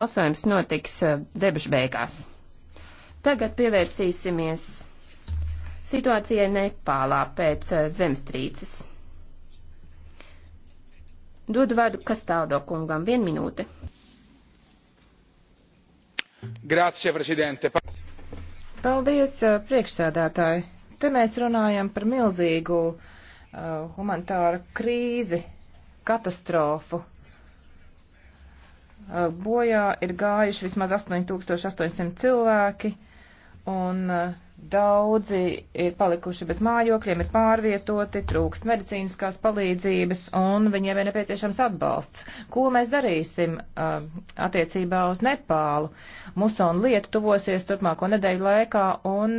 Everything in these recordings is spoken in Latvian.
Balsojums notiks eh, debušu beigās. Tagad pievērsīsimies situācijai Nepālā pēc eh, zemstrīces. Dodu vārdu Kastaldo kungam. Vienu minūti. Grācija, prezidente. Paldies, eh, priekšsēdētāji. Te mēs runājam par milzīgu uh, humanitāru krīzi, katastrofu, bojā ir gājuši vismaz 8800 cilvēki, un daudzi ir palikuši bez mājokļiem, ir pārvietoti, trūkst medicīniskās palīdzības, un viņiem ir nepieciešams atbalsts. Ko mēs darīsim attiecībā uz Nepālu? Musona lieta tuvosies turpmāko nedēļu laikā, un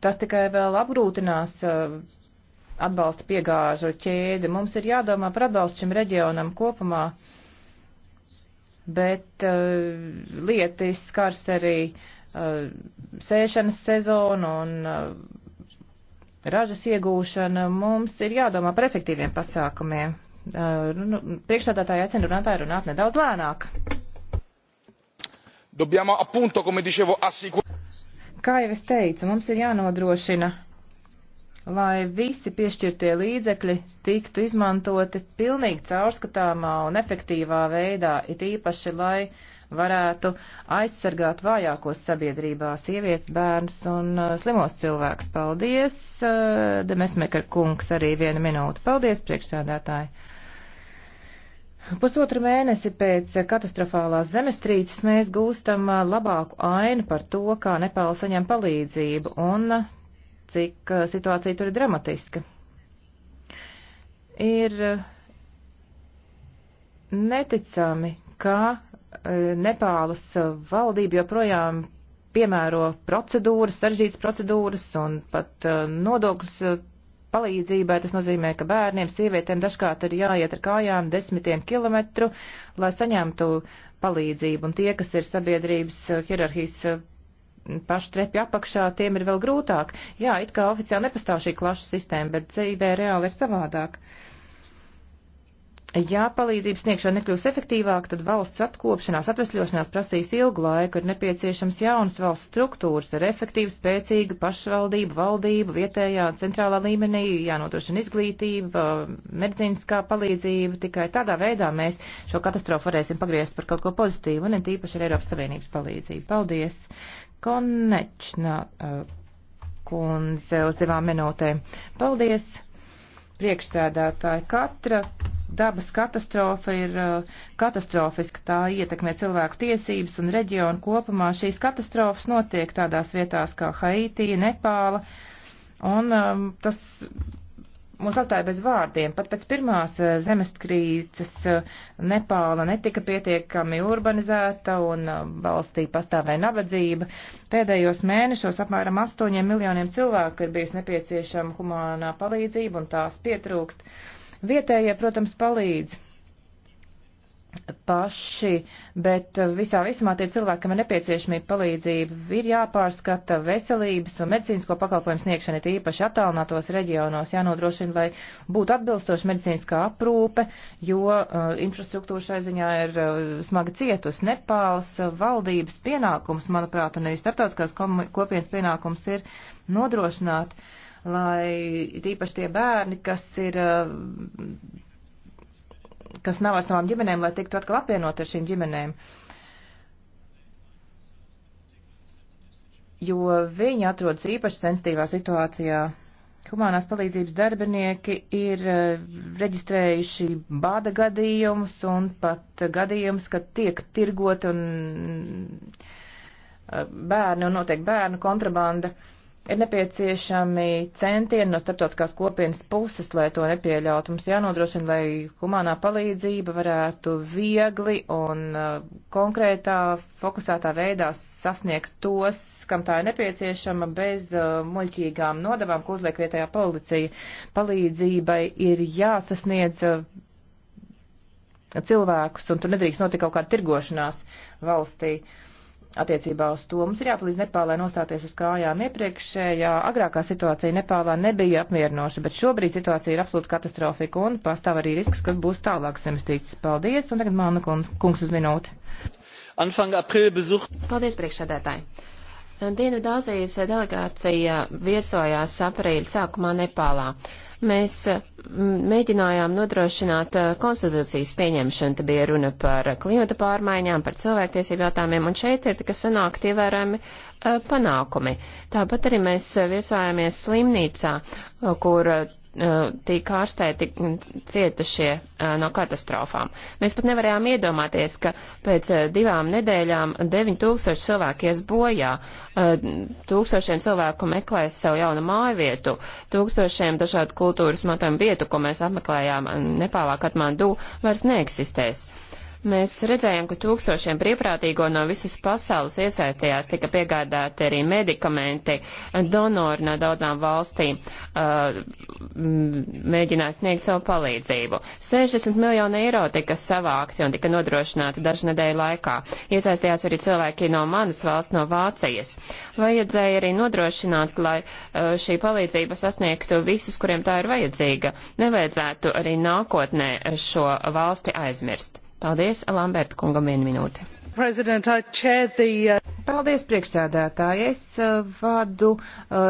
tas tikai vēl apgrūtinās atbalsta piegāžu ķēdi. Mums ir jādomā par atbalstu šim reģionam kopumā, bet uh, lieti skars arī uh, sēšanas sezonu un uh, ražas iegūšanu. Mums ir jādomā par efektīviem pasākumiem. Uh, nu, nu priekšstādātāji aicina runātāju runāt nedaudz lēnāk. Dobbiamo appunto, come dicevo, assicurare. Kā jau es teicu, mums ir jānodrošina lai visi piešķirtie līdzekļi tiktu izmantoti pilnīgi caurskatāmā un efektīvā veidā, it īpaši, lai varētu aizsargāt vājākos sabiedrībā sievietes, bērnus un uh, slimos cilvēkus. Paldies, uh, Demesmekar kungs, arī viena minūte. Paldies, priekšsēdētāji. Pusotru mēnesi pēc katastrofālās zemestrīces mēs gūstam uh, labāku ainu par to, kā Nepāla saņem palīdzību, un uh, cik eh, situācija tur ir dramatiska. Ir eh, neticami, ka eh, Nepālas valdība joprojām piemēro procedūras, saržģītas procedūras un pat nodokļus palīdzībai. Tas nozīmē, ka bērniem, sievietēm dažkārt ir jāiet ar kājām desmitiem kilometru, lai saņemtu palīdzību. Un tie, kas ir sabiedrības hierarhijas pašu trepju apakšā, tiem ir vēl grūtāk. Jā, it kā oficiāli nepastāv šī klašu sistēma, bet dzīvē reāli ir savādāk. Ja palīdzības sniegšana nekļūs efektīvāk, tad valsts atkopšanās, atvesļošanās prasīs ilgu laiku, ir nepieciešams jaunas valsts struktūras ar efektīvu, spēcīgu pašvaldību, valdību, vietējā, centrālā līmenī, jānodrošina izglītība, medicīniskā palīdzība. Tikai tādā veidā mēs šo katastrofu varēsim pagriezt par kaut ko pozitīvu un it īpaši ar Eiropas Savienības palīdzību. Paldies! Konečna eh, kundze uz divām minūtēm. Paldies! Priekšsēdētāji, katra dabas katastrofa ir eh, katastrofiska, tā ietekmē cilvēku tiesības un reģionu kopumā. Šīs katastrofas notiek tādās vietās kā Haitija, Nepāla, un um, tas mūs atstāja bez vārdiem. Pat pēc pirmās eh, zemestrīces eh, Nepāla netika pietiekami urbanizēta un eh, valstī pastāvēja nabadzība. Pēdējos mēnešos apmēram 8 miljoniem cilvēku ir bijis nepieciešama humānā palīdzība un tās pietrūkst. Vietējie, protams, palīdz paši, bet visā visumā tie cilvēkam ir nepieciešamība palīdzība. Ir jāpārskata veselības un medicīnisko pakalpojumu sniegšana, tīpaši attālinātos reģionos, jānodrošina, lai būtu atbilstoši medicīniskā aprūpe, jo uh, infrastruktūra šai ziņā ir uh, smagi cietus. Nepāls uh, valdības pienākums, manuprāt, un arī starptautiskās kopienas pienākums ir nodrošināt, lai tīpaši tie bērni, kas ir. Uh, kas nav ar savām ģimenēm, lai tiktu atkal apvienot ar šīm ģimenēm. Jo viņi atrodas īpaši sensitīvā situācijā. Humanās palīdzības darbinieki ir eh, reģistrējuši bāda gadījumus un pat gadījumus, kad tiek tirgot un eh, bērni un notiek bērnu kontrabanda. Uh, ir nepieciešami centieni no starptautiskās kopienas puses, lai to nepieļautu. Mums jānodrošina, lai humanā palīdzība varētu viegli un uh, konkrētā, fokusētā veidā sasniegt tos, kam tā ir nepieciešama, bez uh, muļķīgām nodavām, ko uzliek vietējā policija. Palīdzībai ir jāsasniedz uh, cilvēkus, un tur nedrīkst notikt kaut kāda tirgošanās valstī. Uh, Attiecībā uz to mums ir jāpalīdz Nepālai nostāties uz kājām. Iepriekšējā agrākā situācija Nepālā nebija apmierinoša, bet šobrīd situācija ir absolūti katastrofika un pastāv arī risks, kas būs tālāk semstīts. Paldies, un tagad Māna kungs uz minūti. Paldies, priekšsēdētāji. Dienvidāzijas delegācija viesojās aprīļa sākumā Nepālā. Mēs mm, mēģinājām nodrošināt eh, konstitūcijas pieņemšanu, te bija runa par klimata pārmaiņām, par cilvēktiesību jautājumiem, un šeit ir tikai sanākt ievērojami eh, panākumi. Tāpat arī mēs eh, viesājāmies slimnīcā, kur tika ārstēti cietušie no katastrofām. Mēs pat nevarējām iedomāties, ka pēc divām nedēļām 9000 cilvēki ies bojā, tūkstošiem cilvēku meklēs savu jaunu māju vietu, tūkstošiem dažādu kultūras matojumu vietu, ko mēs apmeklējām Nepālā, Katmandu, vairs neeksistēs. Mēs redzējām, ka tūkstošiem brīvprātīgo no visas pasaules iesaistījās, tika piegādāti arī medikamenti, donori no daudzām valstīm uh, mēģināja sniegt savu palīdzību. 60 miljoni eiro tika savākti un tika nodrošināti dažu nedēļu laikā. Iesaistījās arī cilvēki no manas valsts, no Vācijas. Vajadzēja arī nodrošināt, lai uh, šī palīdzība sasniegtu visus, kuriem tā ir vajadzīga. Nevajadzētu arī nākotnē šo valsti aizmirst. Paldies, Lamberta kungam, vienu minūti. The... Uh, Paldies, priekšsēdētāji. Es uh, vadu uh,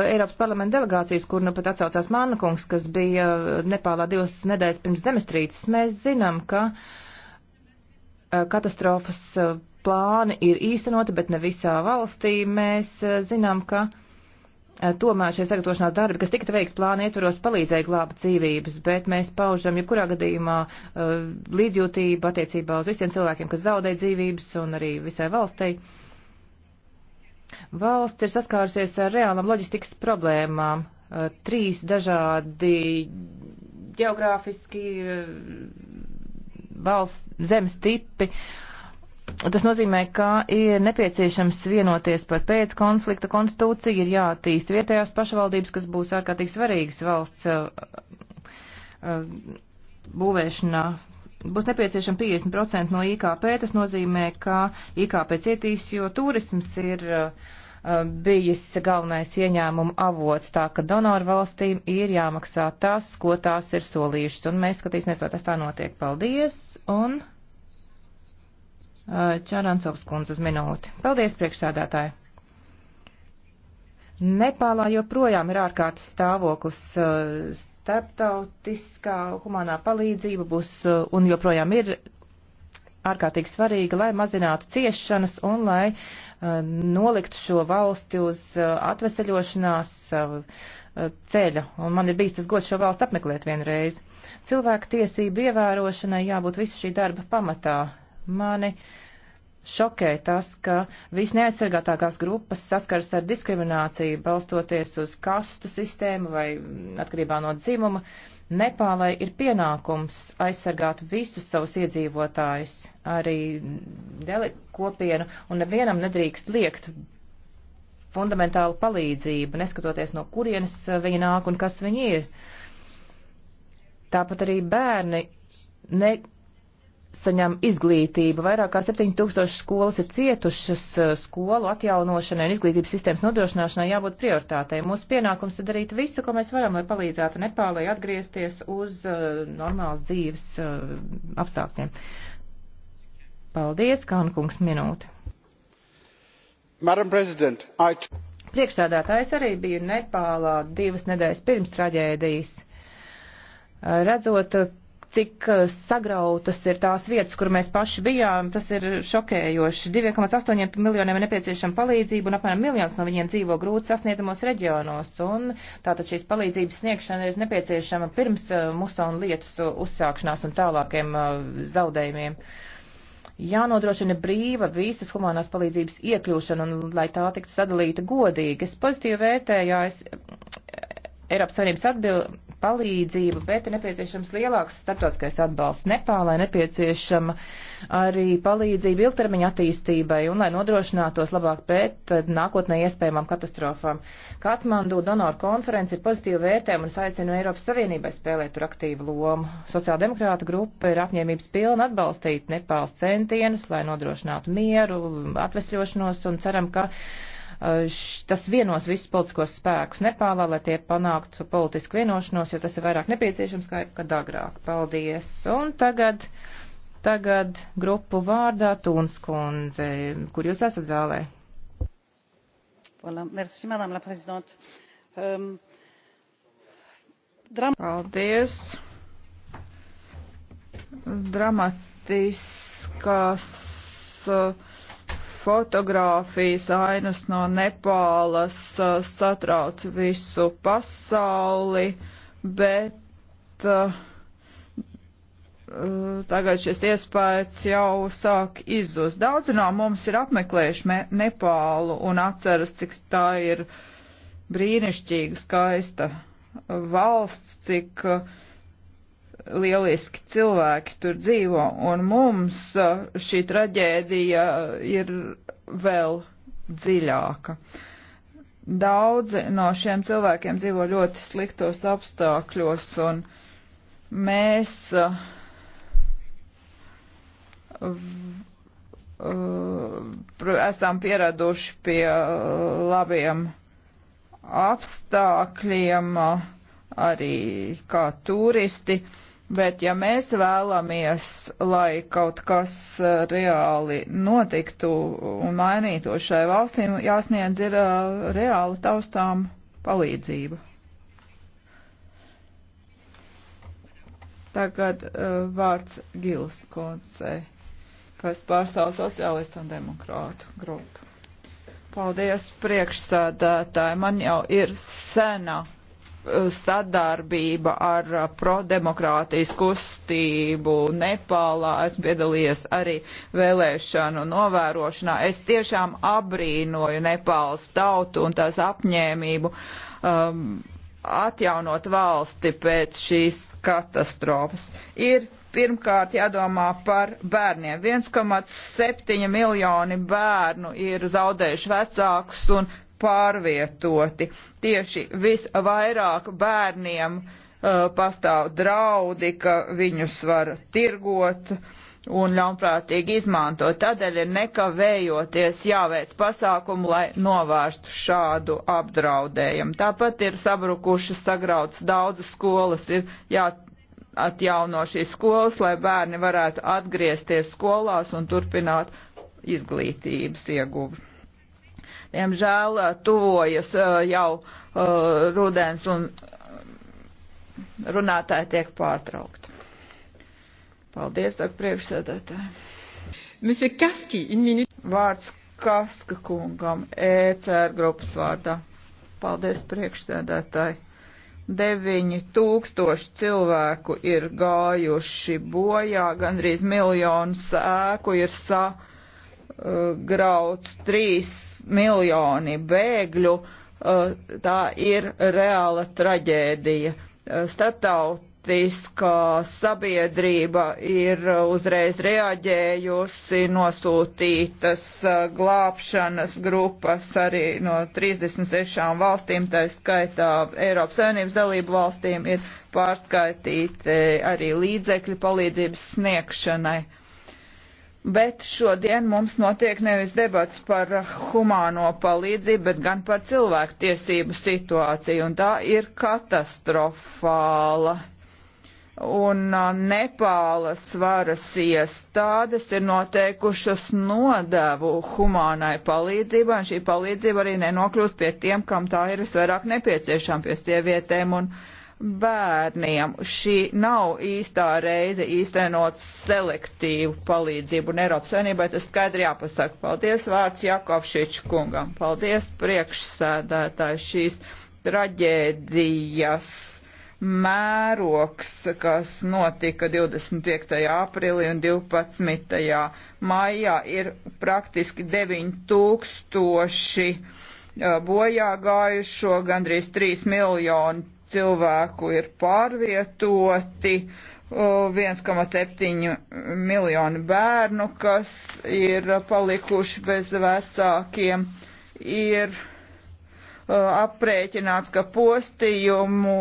Eiropas parlamenta delegācijas, kur nu pat atsaucās Māna kungs, kas bija uh, Nepālā divas nedēļas pirms zemestrīces. Mēs zinām, ka uh, katastrofas uh, plāni ir īstenoti, bet ne visā valstī. Mēs uh, zinām, ka. Uh, Eh, tomēr šie sagatavošanās darbi, kas tika veikti plāna ietvaros, palīdzēja glābt dzīvības, bet mēs paužam jebkurā gadījumā eh, līdzjūtību attiecībā uz visiem cilvēkiem, kas zaudēja dzīvības un arī visai valstei. Valsts ir saskārusies ar reālām loģistikas problēmām. Eh, trīs dažādi geogrāfiski valsts zemes tipi. Uh, Tas nozīmē, ka ir nepieciešams vienoties par pēckonflikta konstitūciju, ir jātīst vietējās pašvaldības, kas būs ārkārtīgi svarīgas valsts uh, uh, būvēšanā būs nepieciešama 50% no IKP. Tas nozīmē, ka IKP cietīs, jo turisms ir uh, uh, bijis galvenais ieņēmuma avots, tā ka donoru valstīm ir jāmaksā tas, ko tās ir solījušas, un mēs skatīsimies, vai tas tā notiek. Paldies! Un... Čārāncovs kundze uz minūti. Paldies, priekšsādātāji! Nepālā joprojām ir ārkārtas stāvoklis. Eh, starptautiskā humanā palīdzība būs eh, un joprojām ir ārkārtīgi svarīga, lai mazinātu ciešanas un lai eh, noliktu šo valsti uz atveseļošanās ceļa. Un man ir bijis tas gods šo valstu apmeklēt vienreiz. Cilvēku tiesību ievērošanai jābūt visu šī darba pamatā Mani šokē tas, ka visneaizsargātākās grupas saskars ar diskrimināciju balstoties uz kastu sistēmu vai atkarībā no dzimuma. Nepālai ir pienākums aizsargāt visus savus iedzīvotājus, arī deli kopienu, un nevienam nedrīkst liekt fundamentālu palīdzību, neskatoties no kurienes viņi nāk un kas viņi ir. Tāpat arī bērni ne, saņem izglītību. Vairāk kā 7000 skolas ir cietušas eh, skolu atjaunošanai un izglītības sistēmas nodrošināšanai jābūt prioritātei. Mūsu pienākums ir darīt visu, ko mēs varam, lai palīdzētu Nepālai atgriezties uz uh, normālas dzīves uh, apstākļiem. Paldies, Kankungs, minūte. Madam President, I... Priekšsēdētājs arī biju Nepālā divas nedēļas pirms traģēdijas. Redzot, cik eh, sagrautas ir tās vietas, kur mēs paši bijām, tas ir šokējoši. 2,8 miljoniem ir nepieciešama palīdzība un apmēram miljons no viņiem dzīvo grūti sasniedzamos reģionos. Un tātad šīs palīdzības sniegšana ir nepieciešama pirms eh, musonu lietas uzsākšanās un tālākiem eh, zaudējumiem. Jānodrošina brīva visas humanās palīdzības iekļūšana un lai tā tiktu sadalīta godīgi. Es pozitīvi vērtēju Eiropas Savienības atbildību palīdzību, bet ir nepieciešams lielāks starptautiskais atbalsts Nepālai, nepieciešama arī palīdzība ilgtermiņa attīstībai un lai nodrošinātos labāk pret nākotnē iespējamām katastrofām. Katmandu donoru konferences ir pozitīva vērtējuma un es aicinu Eiropas Savienībai spēlēt tur aktīvu lomu. Sociāldemokrāta grupa ir apņēmības pilna atbalstīt Nepāls centienus, lai nodrošinātu mieru, atvesļošanos un ceram, ka Eh, tas vienos visus politiskos spēkus Nepālā, lai tie panāktu politisku vienošanos, jo tas ir vairāk nepieciešams kā kad agrāk. Paldies. Un tagad, tagad grupu vārdā Tūns kundze, kur jūs esat zālē. Voilà. Merci, madame la présidente. Um, dram... Paldies. Dramatiskās. Uh, fotogrāfijas ainas no Nepālas eh, satrauc visu pasauli, bet uh, tagad šis iespējas jau sāk izzust. Daudzi no mums ir apmeklējuši Nepālu un atceras, cik tā ir brīnišķīga, skaista valsts, cik uh, lieliski cilvēki tur dzīvo, un mums šī traģēdija ir vēl dziļāka. Daudzi no šiem cilvēkiem dzīvo ļoti sliktos apstākļos, un mēs esam pieraduši pie labiem apstākļiem arī kā turisti. Uh, Bet ja mēs vēlamies, lai kaut kas eh, reāli notiktu un mainītu šai valstīm, jāsniedz ir eh, reāli taustām palīdzība. Tagad uh, vārds Gils Koncei, kas pārstāv sociālistu un demokrātu grupu. Paldies priekšsādātāji, man jau ir sena sadarbība ar prodemokrātijas kustību Nepālā. Esmu piedalījies arī vēlēšanu novērošanā. Es tiešām abrīnoju Nepālas tautu un tās apņēmību um, atjaunot valsti pēc šīs katastrofas. Ir pirmkārt jādomā par bērniem. 1,7 miljoni bērnu ir zaudējuši vecākus un pārvietoti. Tieši visvairāk bērniem uh, pastāv draudi, ka viņus var tirgot un ļaunprātīgi izmantot. Tādēļ ir nekavējoties jāveic pasākumu, lai novērstu šādu apdraudējumu. Tāpat ir sabrukušas, sagrautas daudzas skolas, ir jāatjauno šīs skolas, lai bērni varētu atgriezties skolās un turpināt izglītības ieguvi. Diemžēl eh, tuvojas eh, jau eh, rudens un runātāji tiek pārtraukti. Paldies, saka priekšsēdētāji. Monsieur Kaski, une minūte. Vārds Kaska kungam, ECR grupas vārdā. Paldies, priekšsēdētāji. 9000 cilvēku ir gājuši bojā, gandrīz miljons ēku ir sa grauds, 3 miljoni bēgļu. Eh, tā ir reāla traģēdija. Eh, Startautiskā sabiedrība ir uzreiz reaģējusi, nosūtītas eh, glābšanas grupas arī no 36 valstīm, tā skaitā Eiropas Savienības dalību valstīm ir pārskaitīti arī līdzekļi palīdzības sniegšanai. Uh, Bet šodien mums notiek nevis debats par humāno palīdzību, bet gan par cilvēku tiesību situāciju, un tā ir katastrofāla. Un Nepālas varas iestādes ir noteikušas nodevu humānai palīdzībai, un šī palīdzība arī nenokļūst pie tiem, kam tā ir visvairāk nepieciešama, pie sievietēm un bērniem bērniem. Šī nav īstā reize īstenot selektīvu palīdzību, un Eiropas Savienībai tas skaidri jāpasaka. Paldies vārds Jakovšiču kungam. Paldies priekšsēdētāji šīs traģēdijas mēroks, kas notika 25. aprīlī un 12. maijā, ir praktiski 9000 uh, bojā gājušo, gandrīz 3 miljoni cilvēku ir pārvietoti, 1,7 miljonu bērnu, kas ir palikuši bez vecākiem, ir aprēķināts, ka postījumu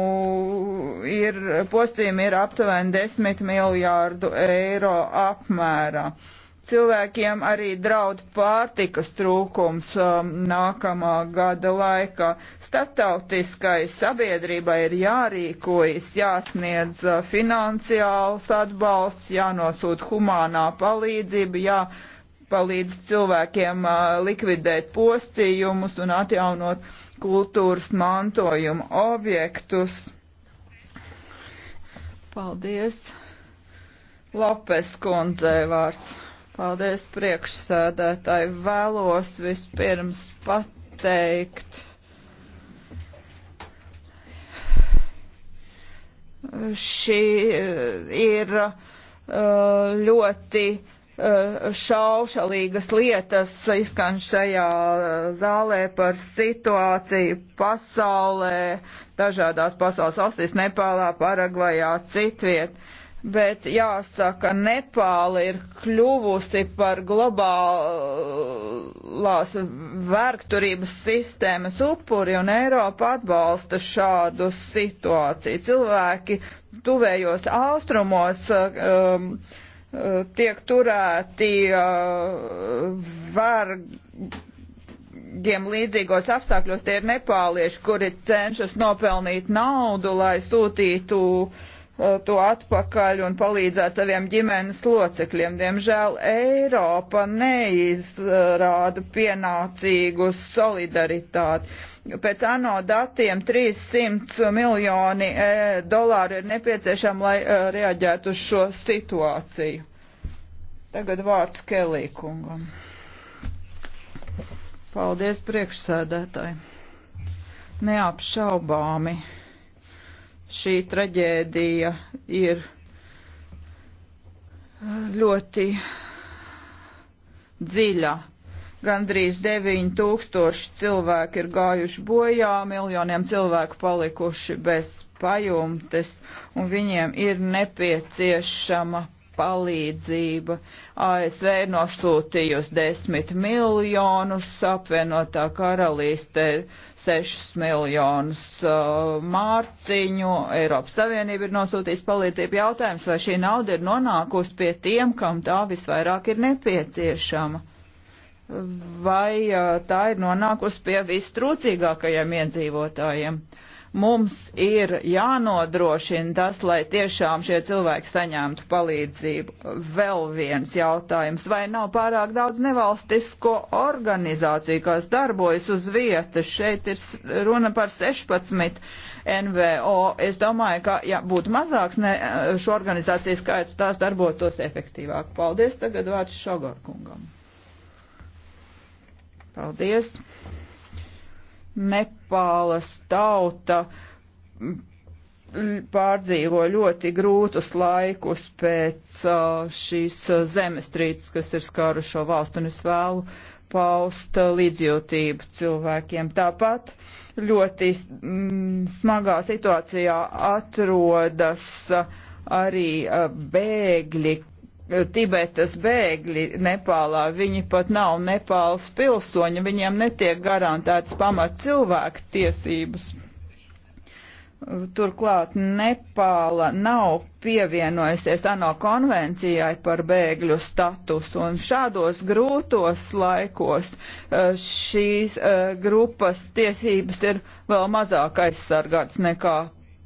ir, postījumi ir aptuveni 10 miljārdu eiro apmērā. Uh, cilvēkiem arī draud pārtikas trūkums um, nākamā gada laikā. Startautiskai sabiedrībai ir jārīkojas, jāsniedz uh, finansiāls atbalsts, jānosūta humānā palīdzība, jāpalīdz cilvēkiem uh, likvidēt postījumus un atjaunot kultūras mantojuma objektus. Paldies! Lopes kundzei vārds. Paldies priekšsēdētāji. Vēlos vispirms pateikt šī eh, ir eh, ļoti eh, šaušalīgas lietas izskan šajā zālē par situāciju pasaulē, dažādās pasaules valstīs, Nepālā, Paragvajā, citviet bet jāsaka, Nepāla ir kļuvusi par globālās vērkturības sistēmas upuri, un Eiropa atbalsta šādu situāciju. Cilvēki tuvējos austrumos um, tiek turēti uh, vergiem līdzīgos apstākļos. Tie ir nepālieši, kuri cenšas nopelnīt naudu, lai sūtītu uh, Uh, to atpakaļ un palīdzēt saviem ģimenes locekļiem. Diemžēl Eiropa neizrāda pienācīgu solidaritāti. Pēc ANO datiem 300 miljoni e, dolāru ir nepieciešama, lai e, reaģētu uz šo situāciju. Tagad vārds Kelī kungam. Paldies priekšsēdētāji. Neapšaubāmi šī traģēdija ir ļoti dziļa. Gandrīz 9000 cilvēki ir gājuši bojā, miljoniem cilvēku palikuši bez pajumtes, un viņiem ir nepieciešama palīdzība. ASV nosūtījusi desmit miljonus, apvienotā karalīste sešus miljonus uh, mārciņu, Eiropas Savienība ir nosūtījusi palīdzību. Jautājums, vai šī nauda ir nonākusi pie tiem, kam tā visvairāk ir nepieciešama? Vai uh, tā ir nonākusi pie vistrūcīgākajiem iedzīvotājiem? Uh, Mums ir jānodrošina tas, lai tiešām šie cilvēki saņemtu palīdzību. Vēl viens jautājums. Vai nav pārāk daudz nevalstisko organizāciju, kas darbojas uz vietas? Šeit ir runa par 16 NVO. Es domāju, ka, ja būtu mazāks ne, šo organizāciju skaits, tās darbotos efektīvāk. Paldies. Tagad vārds Šogorkungam. Paldies. Nepālas tauta pārdzīvo ļoti grūtus laikus pēc uh, šīs uh, zemestrīces, kas ir skārušo valstu, un es vēlu paust uh, līdzjūtību cilvēkiem. Tāpat ļoti mm, smagā situācijā atrodas arī bēgļi, Tibetas bēgļi Nepālā, viņi pat nav Nepāls pilsoņi, viņiem netiek garantētas pamat cilvēku tiesības. Turklāt Nepāla nav pievienojusies ANO konvencijai par bēgļu statusu, un šādos grūtos laikos e, šīs e, grupas tiesības ir vēl mazāk aizsargāts nekā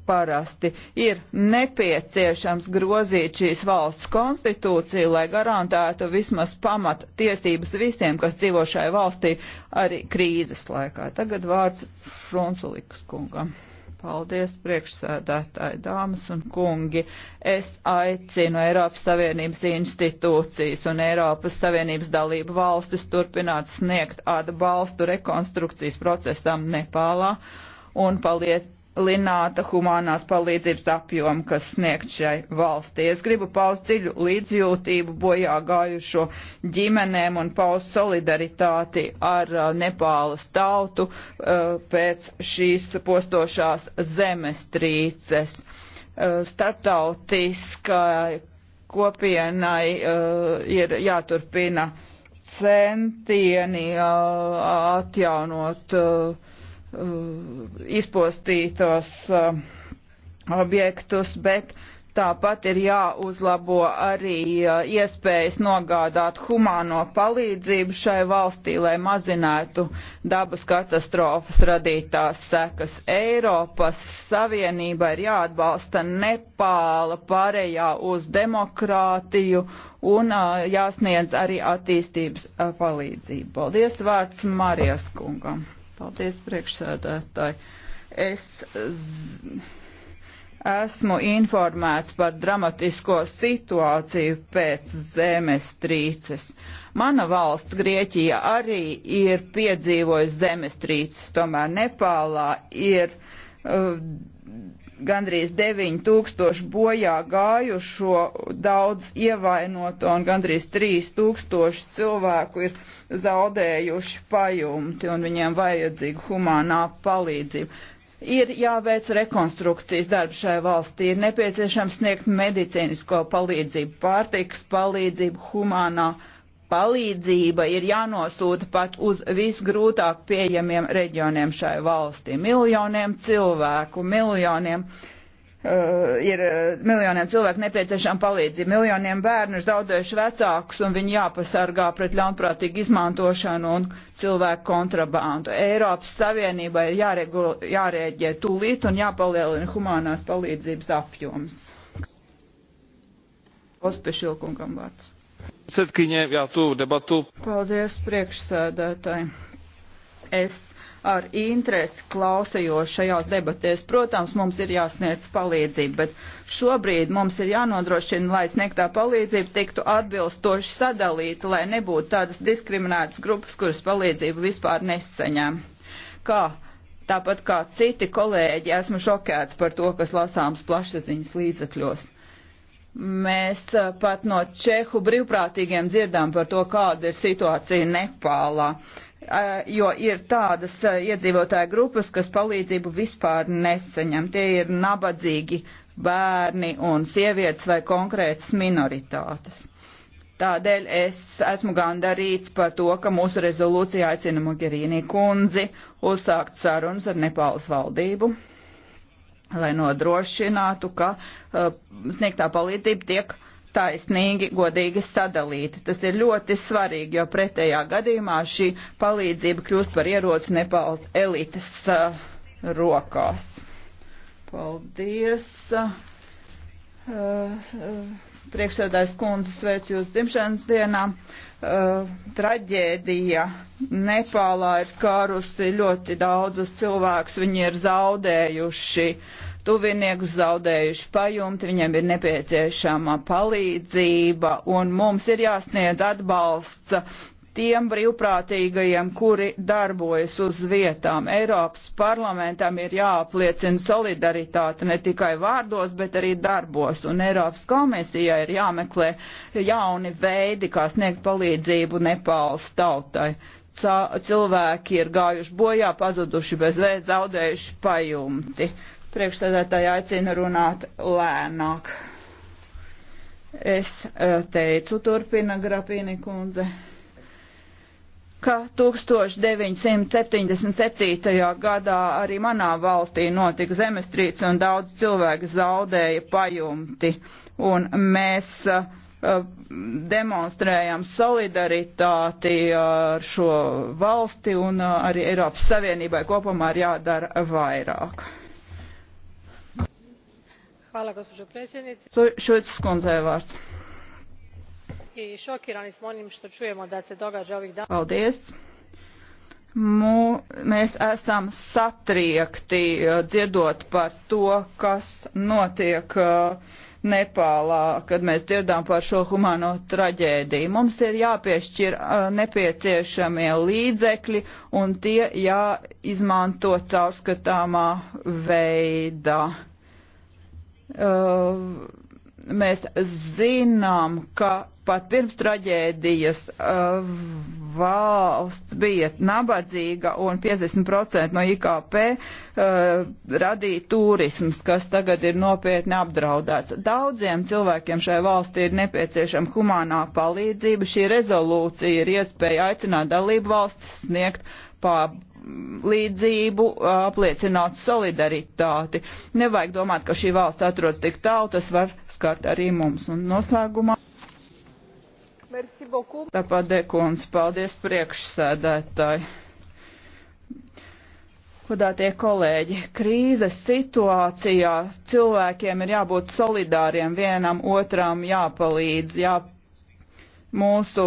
parasti ir nepieciešams grozīt šīs valsts konstitūciju, lai garantētu vismaz pamat tiesības visiem, kas dzīvo šai valstī arī krīzes laikā. Tagad vārds Fronsulikas kungam. Paldies, priekšsēdētāji, dāmas un kungi. Es aicinu Eiropas Savienības institūcijas un Eiropas Savienības dalību valstis turpināt sniegt atbalstu rekonstrukcijas procesam Nepālā un paliet palielināta humanās palīdzības apjoma, kas sniegt šai valstī. Es gribu paust dziļu līdzjūtību bojā gājušo ģimenēm un paust solidaritāti ar uh, Nepālas tautu uh, pēc šīs postošās zemestrīces. Uh, Startautiskai kopienai ir jāturpina centieni atjaunot uh, Uh, izpostītos uh, objektus, bet tāpat ir jāuzlabo arī uh, iespējas nogādāt humāno palīdzību šai valstī, lai mazinātu dabas katastrofas radītās sekas. Eiropas Savienība ir jāatbalsta Nepāla pārējā uz demokrātiju un jāsniedz arī attīstības palīdzību. Paldies vārds Marijas kungam. Paldies, priekšsēdētāji. Es esmu informēts par dramatisko situāciju pēc zemestrīces. Mana valsts, Grieķija, arī ir piedzīvojusi zemestrīces, tomēr Nepālā ir. Uh, gandrīz 9000 bojā gājušo, daudz ievainoto un gandrīz 3000 cilvēku ir zaudējuši pajumti un viņiem vajadzīga humānā palīdzība. Ir jāveic rekonstrukcijas darbs šai valstī, ir nepieciešams sniegt medicīnisko palīdzību, pārtiks palīdzību, humānā palīdzību palīdzība ir jānosūta pat uz visgrūtāk pieejamiem reģioniem šai valstī. Miljoniem cilvēku, miljoniem uh, ir eh, miljoniem cilvēku nepieciešama palīdzība, miljoniem bērnu ir zaudējuši vecākus un viņi jāpasargā pret ļaunprātīgu izmantošanu un cilvēku kontrabandu. Eiropas Savienībai ir jāregul, jārēģē tūlīt un jāpalielina humanās palīdzības apjoms. Pospešilkungam vārds. Cetkiņē, jā, tu debatu. Paldies priekšsēdētāji. Es ar interesi klausējos šajās debatēs. Protams, mums ir jāsniedz palīdzība, bet šobrīd mums ir jānodrošina, lai sniegtā palīdzība tiktu atbilstoši sadalīta, lai nebūtu tādas diskriminētas grupas, kuras palīdzību vispār nesaņem. Kā? Tāpat kā citi kolēģi, esmu šokēts par to, kas lasāms plašsaziņas līdzekļos. Mēs eh, pat no čehu brīvprātīgiem dzirdām par to, kāda ir situācija Nepālā, eh, jo ir tādas eh, iedzīvotāju grupas, kas palīdzību vispār neseņem. Tie ir nabadzīgi bērni un sievietes vai konkrētas minoritātes. Tādēļ es esmu gandarīts par to, ka mūsu rezolūcija aicina Mogherīnī kundzi uzsākt sarunas ar Nepālas valdību lai nodrošinātu, ka uh, sniegtā palīdzība tiek taisnīgi, godīgi sadalīta. Tas ir ļoti svarīgi, jo pretējā gadījumā šī palīdzība kļūst par ieroci Nepāls elites uh, rokās. Paldies! Uh, uh Priekšsēdājs kundze sveic jūs dzimšanas dienā. Eh, traģēdija Nepālā ir skārusi ļoti daudzus cilvēkus. Viņi ir zaudējuši tuviniekus, zaudējuši pajumti, viņiem ir nepieciešama palīdzība un mums ir jāsniedz atbalsts tiem brīvprātīgajiem, kuri darbojas uz vietām. Eiropas parlamentam ir jāapliecina solidaritāte ne tikai vārdos, bet arī darbos, un Eiropas komisijai ir jāmeklē jauni veidi, kā sniegt palīdzību Nepāles tautai. Cilvēki ir gājuši bojā, pazuduši bez vēja, zaudējuši pajumti. Priekšsēdētāji aicina runāt lēnāk. Es eh, teicu, turpina Grapīni kundze ka 1977. gadā arī manā valstī notika zemestrīce un daudz cilvēku zaudēja pajumti. Un mēs uh, demonstrējam solidaritāti uh, ar šo valsti un uh, arī Eiropas Savienībai kopumā ir jādara vairāk. Hvala, gospođo predsjednice. Šuicis kundzei vārds i šokirani smo onim što čujemo da se događa ovih dana. Paldies! Mū, mēs esam satriekti eh, dzirdot par to, kas notiek eh, Nepālā, kad mēs dzirdām par šo humano traģēdiju. Mums ir jāpiešķir eh, nepieciešamie līdzekļi un tie jāizmanto caurskatāmā veidā. Uh, mēs zinām, ka pat pirms traģēdijas uh, valsts bija nabadzīga un 50% no IKP uh, radīja turisms, kas tagad ir nopietni apdraudēts. Daudziem cilvēkiem šai valstī ir nepieciešama humanā palīdzība. Šī rezolūcija ir iespēja aicināt dalību valsts sniegt palīdzību, apliecināt solidaritāti. Nevajag domāt, ka šī valsts atrodas tik tālu, tas var skart arī mums. Un noslēgumā. Tāpat Dekuns, paldies priekšsēdētāji. Godātie kolēģi, krīzes situācijā cilvēkiem ir jābūt solidāriem, vienam otram jāpalīdz, jā, mūsu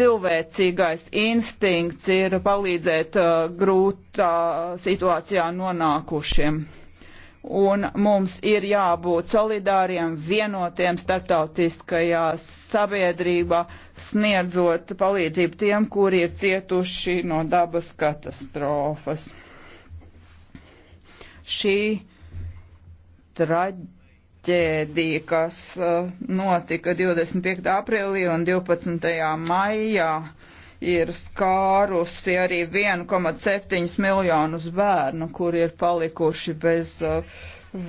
cilvēcīgais instinkts ir palīdzēt uh, grūtā situācijā nonākušiem un mums ir jābūt solidāriem, vienotiem starptautiskajā sabiedrībā, sniedzot palīdzību tiem, kuri ir cietuši no dabas katastrofas. Šī traģēdija, kas uh, notika 25. aprīlī un 12. maijā, ir skārusi arī 1,7 miljonus bērnu, kuri ir palikuši bez uh,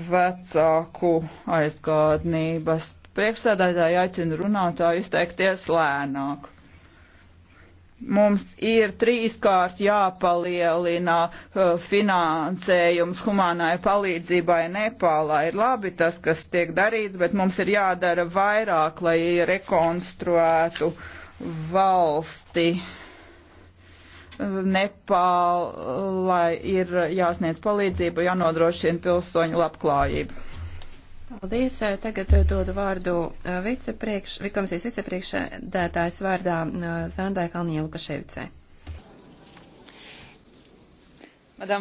vecāku aizgādnības. Priekšsēdētāji aicina runātāju izteikties lēnāk. Mums ir trīskārt jāpalielina uh, finansējums humānai palīdzībai Nepālā. Ir labi tas, kas tiek darīts, bet mums ir jādara vairāk, lai rekonstruētu uh, valsti. Nepālai ir jāsniedz palīdzību, jānodrošina pilsoņu labklājību. Paldies. Tagad dodu vārdu eh, vicepriekš, komisijas vicepriekšēdētājs vārdā Zandai eh, Kalnie Lukaševicai. Eh,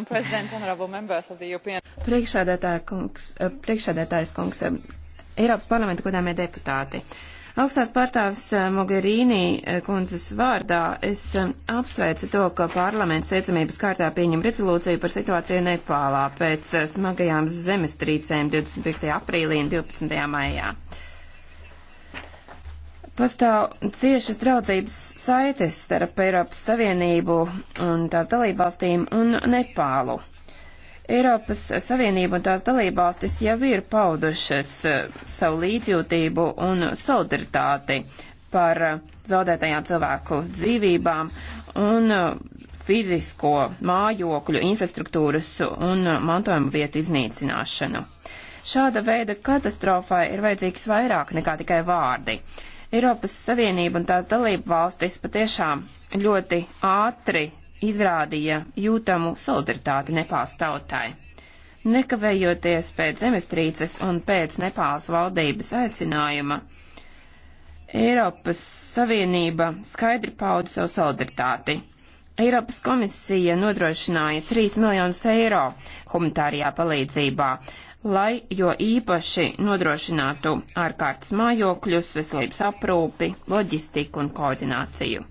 priekšsēdētājs kungs, priekšsēdētājs kungs, Eiropas parlamenta godāmie deputāti. Uh, Augstās pārstāvis eh, Mogherīnī eh, kundzes vārdā es eh, apsveicu to, ka parlaments teicamības kārtā pieņem rezolūciju par situāciju Nepālā pēc smagajām zemestrīcēm 25. aprīlī un 12. maijā. Pastāv ciešas draudzības saites starp Eiropas Savienību un tās dalībvalstīm un Nepālu. Eiropas Savienība un tās dalībvalstis jau ir paudušas eh, savu līdzjūtību un solidaritāti par eh, zaudētajām cilvēku dzīvībām un eh, fizisko mājokļu, infrastruktūras un mantojuma vietu iznīcināšanu. Šāda veida katastrofai ir vajadzīgs vairāk nekā tikai vārdi. Eiropas Savienība un tās dalību valstis patiešām ļoti ātri izrādīja jūtamu solidaritāti Nepāls tautai. Nekavējoties pēc zemestrīces un pēc Nepāls valdības aicinājuma, Eiropas Savienība skaidri pauda savu solidaritāti. Eiropas komisija nodrošināja 3 miljonus eiro humanitārajā palīdzībā, lai jo īpaši nodrošinātu ārkārtas mājokļus, veselības aprūpi, loģistiku un koordināciju.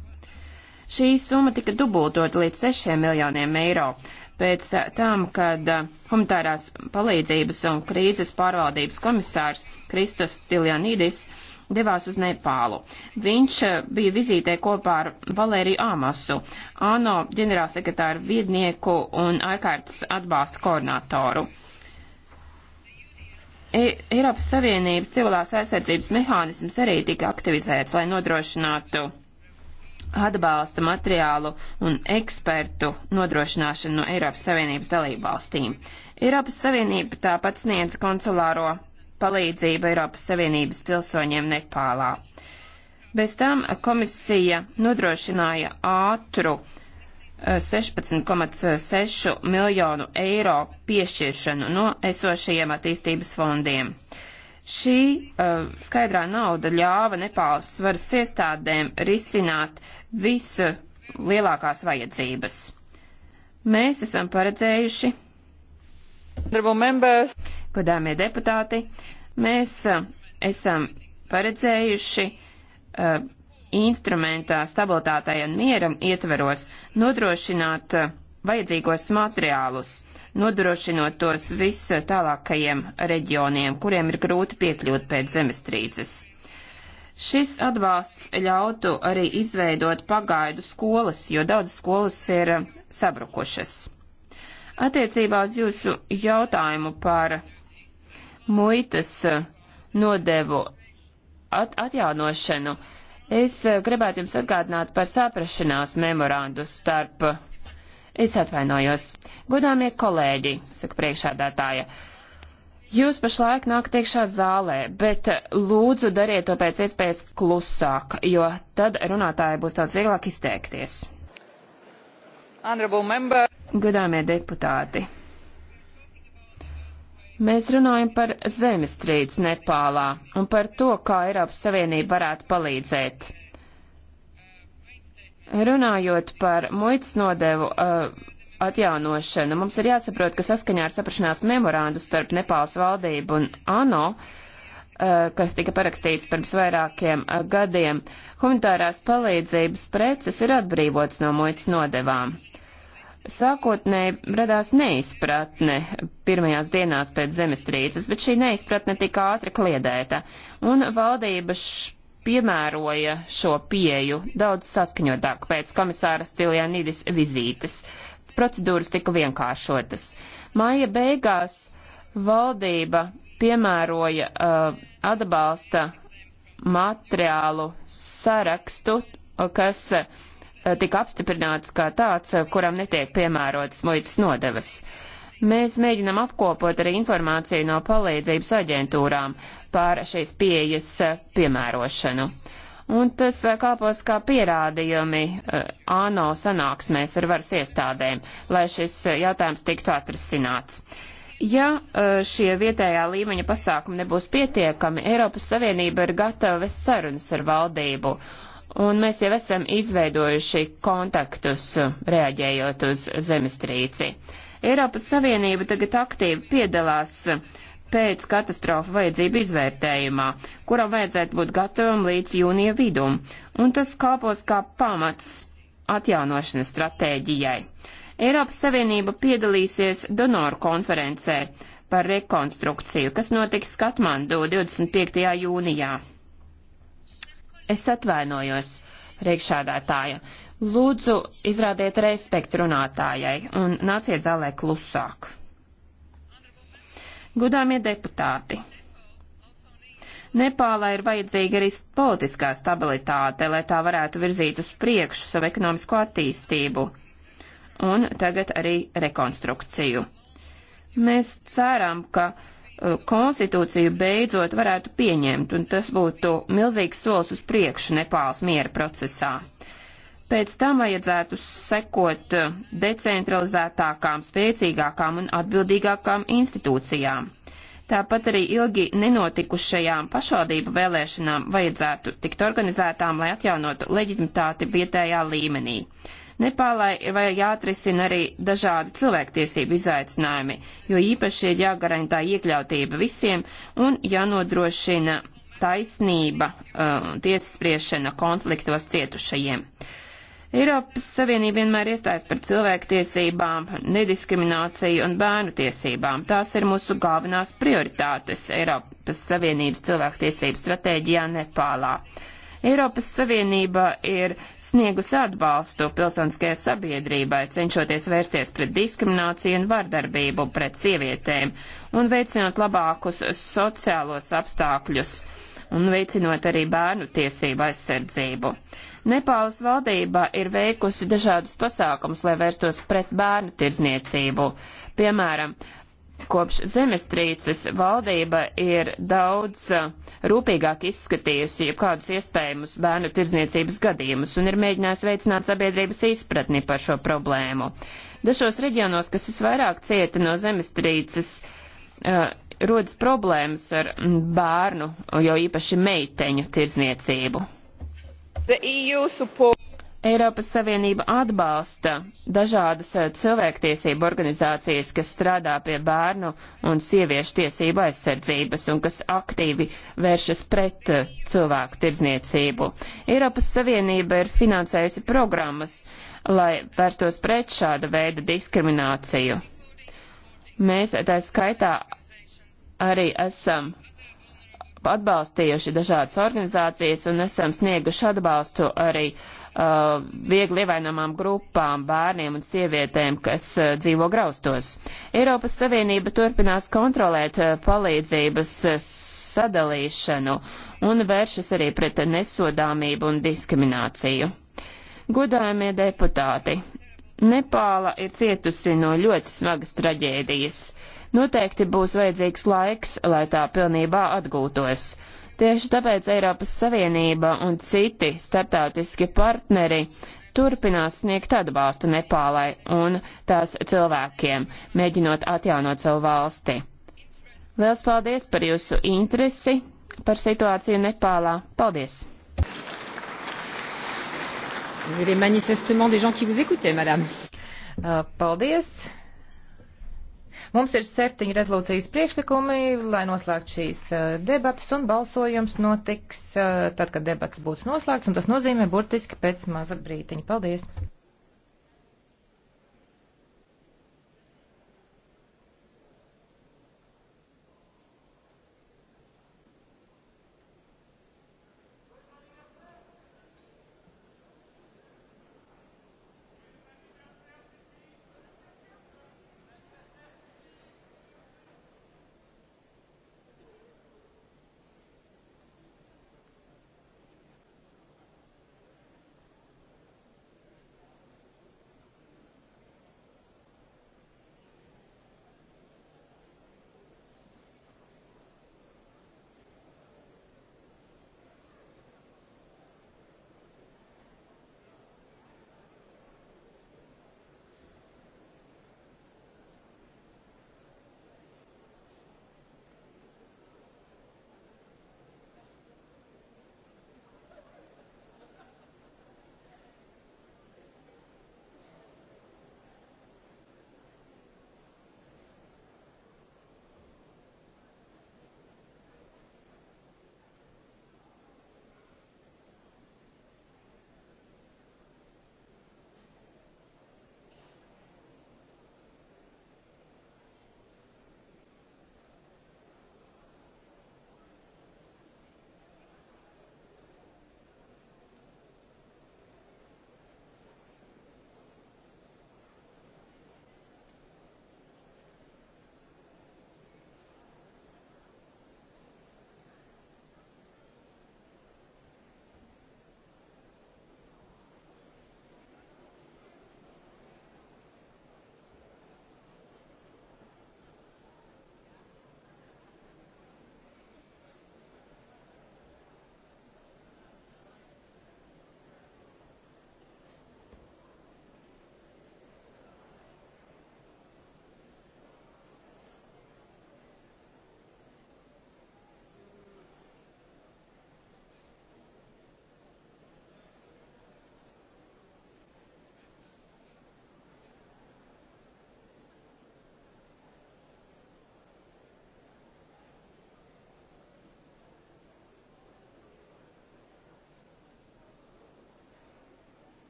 Šī summa tika dubultot līdz 6 miljoniem eiro pēc tam, kad eh, humanitārās palīdzības un krīzes pārvaldības komisārs Kristus Tiljanīdis devās uz Nepālu. Viņš eh, bija vizītē kopā ar Valēriju Amasu, ANO ģenerālsekretāru viednieku un ārkārtas atbalsta koordinātoru. E Eiropas Savienības civilās aizsardzības mehānisms arī tika aktivizēts, lai nodrošinātu atbalsta materiālu un ekspertu nodrošināšanu no Eiropas Savienības dalību valstīm. Eiropas Savienība tāpat sniedz konsulāro palīdzību Eiropas Savienības pilsoņiem Nepālā. Bez tam komisija nodrošināja ātru 16,6 eh, miljonu eiro piešķiršanu no esošajiem attīstības fondiem. Šī uh, skaidrā nauda ļāva Nepāles varas iestādēm risināt visu lielākās vajadzības. Mēs esam paredzējuši, godāmie deputāti, mēs uh, esam paredzējuši uh, instrumentā stabilitātei un mieram ietveros nodrošināt uh, vajadzīgos materiālus nodrošinot tos vis tālākajiem reģioniem, kuriem ir grūti piekļūt pēc zemestrīces. Šis atbalsts ļautu arī izveidot pagaidu skolas, jo daudz skolas ir sabrukušas. Attiecībā uz jūsu jautājumu par muitas nodevu at atjaunošanu, es gribētu jums atgādināt par saprašanās memorandu starp Es atvainojos. Godāmie kolēģi, saka priekšādātāja, jūs pašlaik nākat iekšā zālē, bet eh, lūdzu dariet to pēc iespējas klusāk, jo tad runātāji būs daudz vieglāk izteikties. Godāmie deputāti. Mēs runājam par zemestrīci Nepālā un par to, kā Eiropas Savienība varētu palīdzēt. Runājot par muitas nodevu uh, atjaunošanu, mums ir jāsaprot, ka saskaņā ar saprašanās memorandu starp Nepāls valdību un ANO, uh, kas tika parakstīts pirms vairākiem uh, gadiem, humanitārās palīdzības preces ir atbrīvots no muitas nodevām. Sākotnēji radās neizpratne pirmajās dienās pēc zemestrīces, bet šī neizpratne tika ātri kliedēta, un valdības piemēroja šo pieju daudz saskaņotāk pēc komisāra Stiljanīdis vizītes. Procedūras tika vienkāršotas. Māja beigās valdība piemēroja uh, atbalsta materiālu sarakstu, kas uh, tika apstiprināts kā tāds, uh, kuram netiek piemērotas muitas nodevas. Uh, Mēs mēģinam apkopot arī informāciju no palīdzības aģentūrām par šīs pieejas eh, piemērošanu. Un tas eh, kalpos kā pierādījumi eh, ANO sanāksmēs ar varas iestādēm, lai šis jautājums tiktu atrasināts. Ja šie vietējā līmeņa pasākumi nebūs pietiekami, Eiropas Savienība ir gatava vest sarunas ar valdību. Un mēs jau esam izveidojuši kontaktus, reaģējot uz zemestrīci. Uh, Eiropas Savienība tagad aktīvi piedalās pēc katastrofu vajadzību izvērtējumā, kuram vajadzētu būt gatavam līdz jūnija vidum, un tas kalpos kā pamats atjaunošanas stratēģijai. Eiropas Savienība piedalīsies donoru konferencē par rekonstrukciju, kas notiks Katmandu 25. jūnijā. Es atvainojos, priekšādātāja. Lūdzu, izrādiet respektu runātājai un nāciet zālē klusāk. Gudāmie deputāti! Nepālā ir vajadzīga arī politiskā stabilitāte, lai tā varētu virzīt uz priekšu savu ekonomisko attīstību un tagad arī rekonstrukciju. Mēs ceram, ka uh, konstitūciju beidzot varētu pieņemt, un tas būtu milzīgs solis uz priekšu Nepāls miera procesā. Pēc tam vajadzētu sekot decentralizētākām, spēcīgākām un atbildīgākām institūcijām. Tāpat arī ilgi nenotikušajām pašvaldību vēlēšanām vajadzētu tikt organizētām, lai atjaunotu leģitimitāti vietējā līmenī. Nepālai ir jāatrisina arī dažādi cilvēktiesību izaicinājumi, jo īpaši ir jāgarantē iekļautība visiem un jānodrošina taisnība uh, tiesaspriešana konfliktos cietušajiem. Uh, Eiropas Savienība vienmēr iestājas par cilvēktiesībām, nediskrimināciju un bērnu tiesībām. Tās ir mūsu galvenās prioritātes Eiropas Savienības cilvēktiesību stratēģijā Nepālā. Eiropas Savienība ir sniegusi atbalstu pilsoniskajai sabiedrībai, cenšoties vērsties pret diskrimināciju un vardarbību pret sievietēm un veicinot labākus sociālos apstākļus un veicinot arī bērnu tiesību aizsardzību. Nepālas valdība ir veikusi dažādus pasākumus, lai vērstos pret bērnu tirzniecību. Piemēram, kopš zemestrīces valdība ir daudz uh, rūpīgāk izskatījusi jebkādus iespējamus bērnu tirzniecības gadījumus un ir mēģinājusi veicināt sabiedrības izpratni par šo problēmu. Dažos reģionos, kas visvairāk cieta no zemestrīces, uh, rodas problēmas ar mm, bērnu, jo īpaši meiteņu tirzniecību. E Eiropas Savienība atbalsta dažādas eh, cilvēktiesību organizācijas, kas strādā pie bērnu un sieviešu tiesību aizsardzības un kas aktīvi vēršas pret eh, cilvēku tirdzniecību. Eiropas Savienība ir finansējusi programmas, lai vērstos pret šāda veida diskrimināciju. Mēs tā skaitā arī esam atbalstījuši dažādas organizācijas un esam snieguši atbalstu arī uh, viegli ievainamām grupām, bērniem un sievietēm, kas uh, dzīvo graustos. Eiropas Savienība turpinās kontrolēt uh, palīdzības uh, sadalīšanu un vēršas arī pret nesodāmību un diskrimināciju. Godājumie deputāti, Nepāla ir cietusi no ļoti smagas traģēdijas. Uh, Noteikti būs vajadzīgs laiks, lai tā pilnībā atgūtos. Tieši tāpēc Eiropas Savienība un citi starptautiski partneri turpinās sniegt atbalstu Nepālai un tās cilvēkiem, mēģinot atjaunot savu valsti. Liels paldies par jūsu interesi par situāciju Nepālā. Paldies! Vous avez manifestement des gens qui vous écoutaient, madame. Euh, paldies. Mums ir septiņi rezolūcijas priekšlikumi, lai noslēgtu šīs eh, debatas, un balsojums notiks eh, tad, kad debats būs noslēgts, un tas nozīmē burtiski pēc maza brītiņa. Paldies!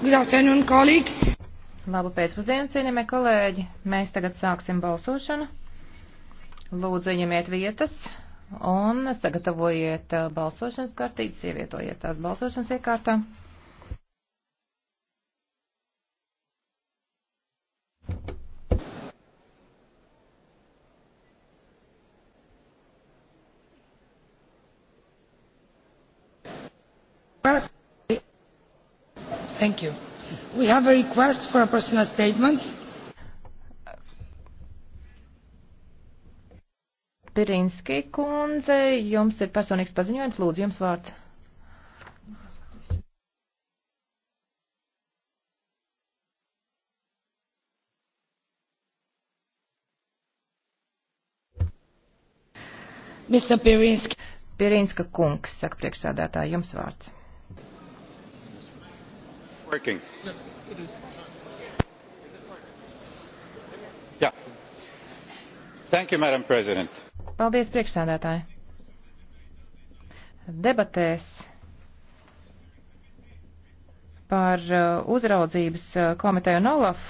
Labu pēcpusdienu, cienījamie kolēģi. Mēs tagad sāksim balsošanu. Lūdzu, ieņemiet vietas un sagatavojiet uh, balsošanas kartītes, ievietojiet tās balsošanas iekārtā. Thank you. We have a request for a personal statement. Pirinski kundze, jums ir personīgs paziņojums, lūdzu, jums vārds. Pirinska kungs, saka priekšsādātāji, jums vārds working? No, it is. Yeah. Thank you, Madam President. Paldies, priekšsēdētāji. Debatēs par uh, uzraudzības uh, komiteju un Olaf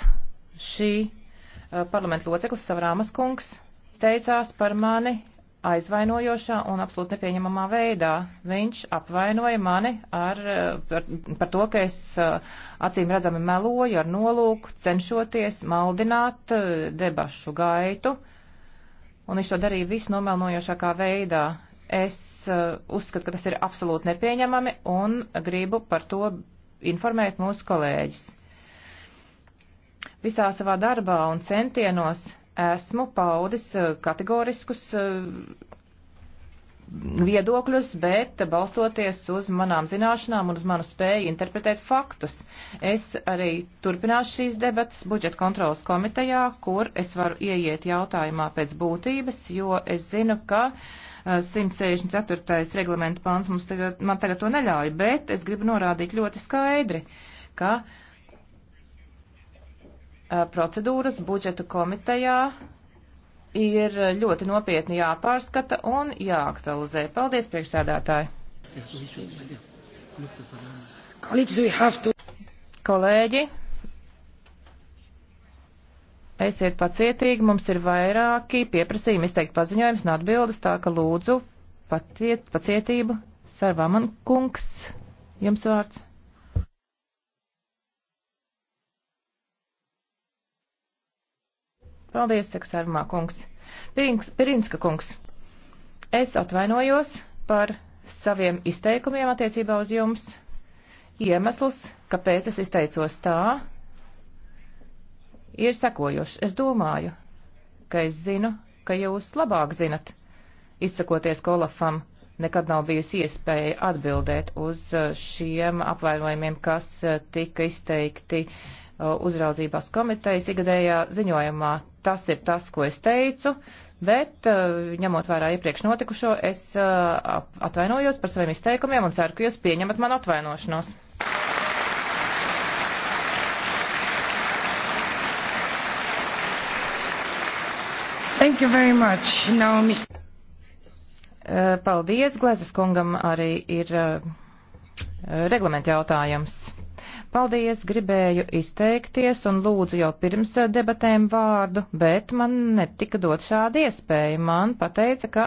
šī uh, parlamenta loceklis Savrāmas kungs teicās par mani aizvainojošā un absolūti nepieņemamā veidā. Viņš apvainoja mani ar, par, par to, ka es acīm redzami meloju ar nolūku, cenšoties maldināt debašu gaitu, un viņš to darīja visnomelnojošākā veidā. Es uzskatu, ka tas ir absolūti nepieņemami un gribu par to informēt mūsu kolēģis. Visā savā darbā un centienos esmu paudis eh, kategoriskus eh, viedokļus, bet balstoties uz manām zināšanām un uz manu spēju interpretēt faktus. Es arī turpināšu šīs debatas budžeta kontrolas komitejā, kur es varu ieiet jautājumā pēc būtības, jo es zinu, ka 164. Eh, reglamenta pāns mums tagad, man tagad to neļauj, bet es gribu norādīt ļoti skaidri, ka uh, procedūras budžeta komitejā ir ļoti nopietni jāpārskata un jāaktualizē. Paldies, priekšsēdētāji! Kolēģi, esiet pacietīgi, mums ir vairāki pieprasījumi izteikt paziņojums un atbildes, tā ka lūdzu patiet, pacietību. Sarvaman kungs, jums vārds. Paldies, saka Sarmā kungs. Pirins, Pirinska kungs, es atvainojos par saviem izteikumiem attiecībā uz jums. Iemesls, kāpēc es izteicos tā, ir sekojošs. Es domāju, ka es zinu, ka jūs labāk zinat, izsakoties Kolafam, nekad nav bijusi iespēja atbildēt uz uh, šiem apvainojumiem, kas uh, tika izteikti uh, uzraudzībās komitejas igadējā ziņojumā. Tas ir tas, ko es teicu, bet eh, ņemot vērā iepriekš notikušo, es eh, atvainojos par saviem izteikumiem un ceru, ka jūs pieņemat manu atvainošanos. Thank you very much. Now, Mr. Eh, paldies, Glezas kungam arī ir reglamenta jautājums. Paldies, gribēju izteikties un lūdzu jau pirms debatēm vārdu, bet man netika dot šāda iespēja. Man pateica, ka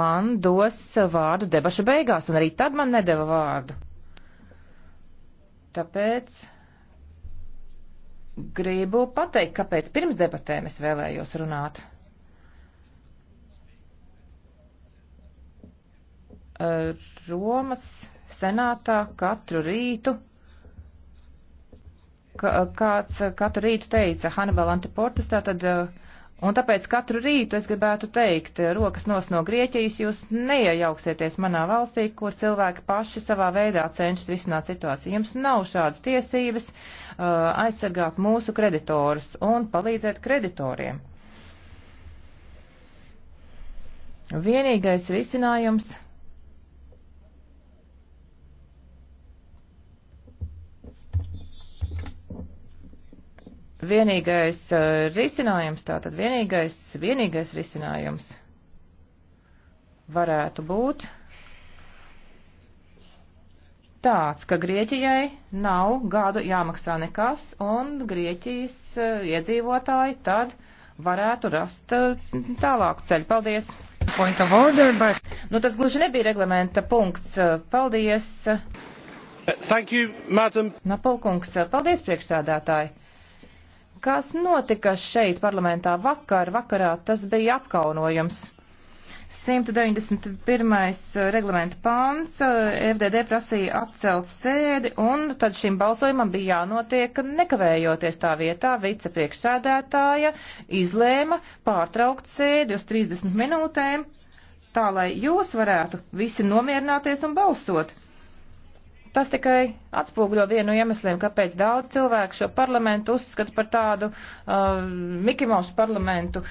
man dos vārdu debašu beigās, un arī tad man nedeva vārdu. Tāpēc gribu pateikt, kāpēc pirms debatēm es vēlējos runāt. Romas senātā katru rītu, ka, kāds katru rītu teica Hannibal Antiportas, tātad, uh, un tāpēc katru rītu es gribētu teikt, uh, rokas nos no Grieķijas, jūs neiejauksieties manā valstī, kur cilvēki paši savā veidā cenšas risināt situāciju. Jums nav šādas tiesības uh, aizsargāt mūsu kreditorus un palīdzēt kreditoriem. Vienīgais risinājums vienīgais uh, risinājums, tātad vienīgais, vienīgais risinājums varētu būt tāds, ka Grieķijai nav gadu jāmaksā nekas, un Grieķijas uh, iedzīvotāji tad varētu rast uh, tālāku ceļu. Paldies! Point of order, but... Nu, tas gluži nebija reglamenta punkts. Uh, paldies! Thank you, madam! Napolkungs, uh, paldies priekšsādātāji! Kas notika šeit parlamentā vakar, vakarā, tas bija apkaunojums. 191. Uh, reglamenta pants, uh, FDD prasīja atcelt sēdi, un tad šim balsojumam bija jānotiek nekavējoties tā vietā. Vicepriekšsēdētāja izlēma pārtraukt sēdi uz 30 minūtēm, tā lai jūs varētu visi nomierināties un balsot. Tas tikai atspoguļo vienu iemesliem, kāpēc daudz cilvēku šo parlamentu uzskata par tādu uh, Mikimaus parlamentu.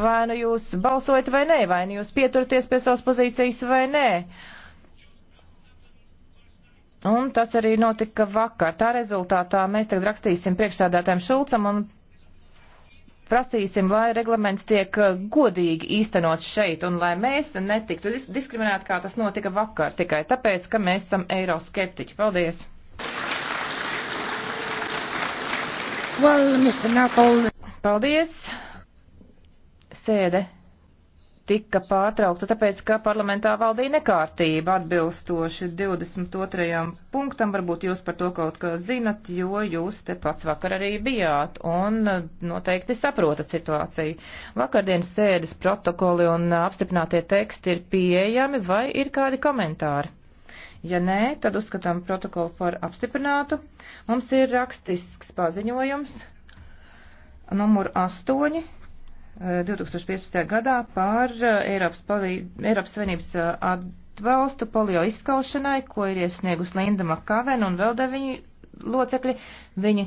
Vai nu jūs balsojat vai nē, vai nu jūs pieturaties pie savas pozīcijas vai nē. Un tas arī notika vakar. Tā rezultātā mēs tagad rakstīsim priekšsādātājiem Šulcam un prasīsim, lai reglaments tiek eh, godīgi īstenots šeit un lai mēs netiktu diskriminēti, kā tas notika vakar, tikai tāpēc, ka mēs esam eiroskeptiķi. Paldies! Well, Paldies! Sēde tika pārtraukta, tāpēc, ka parlamentā valdīja nekārtība atbilstoši 22. punktam. Varbūt jūs par to kaut ko zinat, jo jūs te pats vakar arī bijāt un uh, noteikti saprotat situāciju. Vakardienas sēdes protokoli un apstiprinātie teksti ir pieejami vai ir kādi komentāri? Ja nē, tad uzskatām protokolu par apstiprinātu. Mums ir rakstisks paziņojums numur 8. 2015. gadā par eh, Eiropas, Eiropas Savienības eh, atbalstu polio izskaušanai, ko ir iesniegus Linda Makavena un vēl deviņi locekļi. Viņi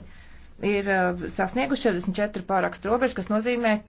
ir eh, sasnieguši 44 pārakstu robežu, kas nozīmē,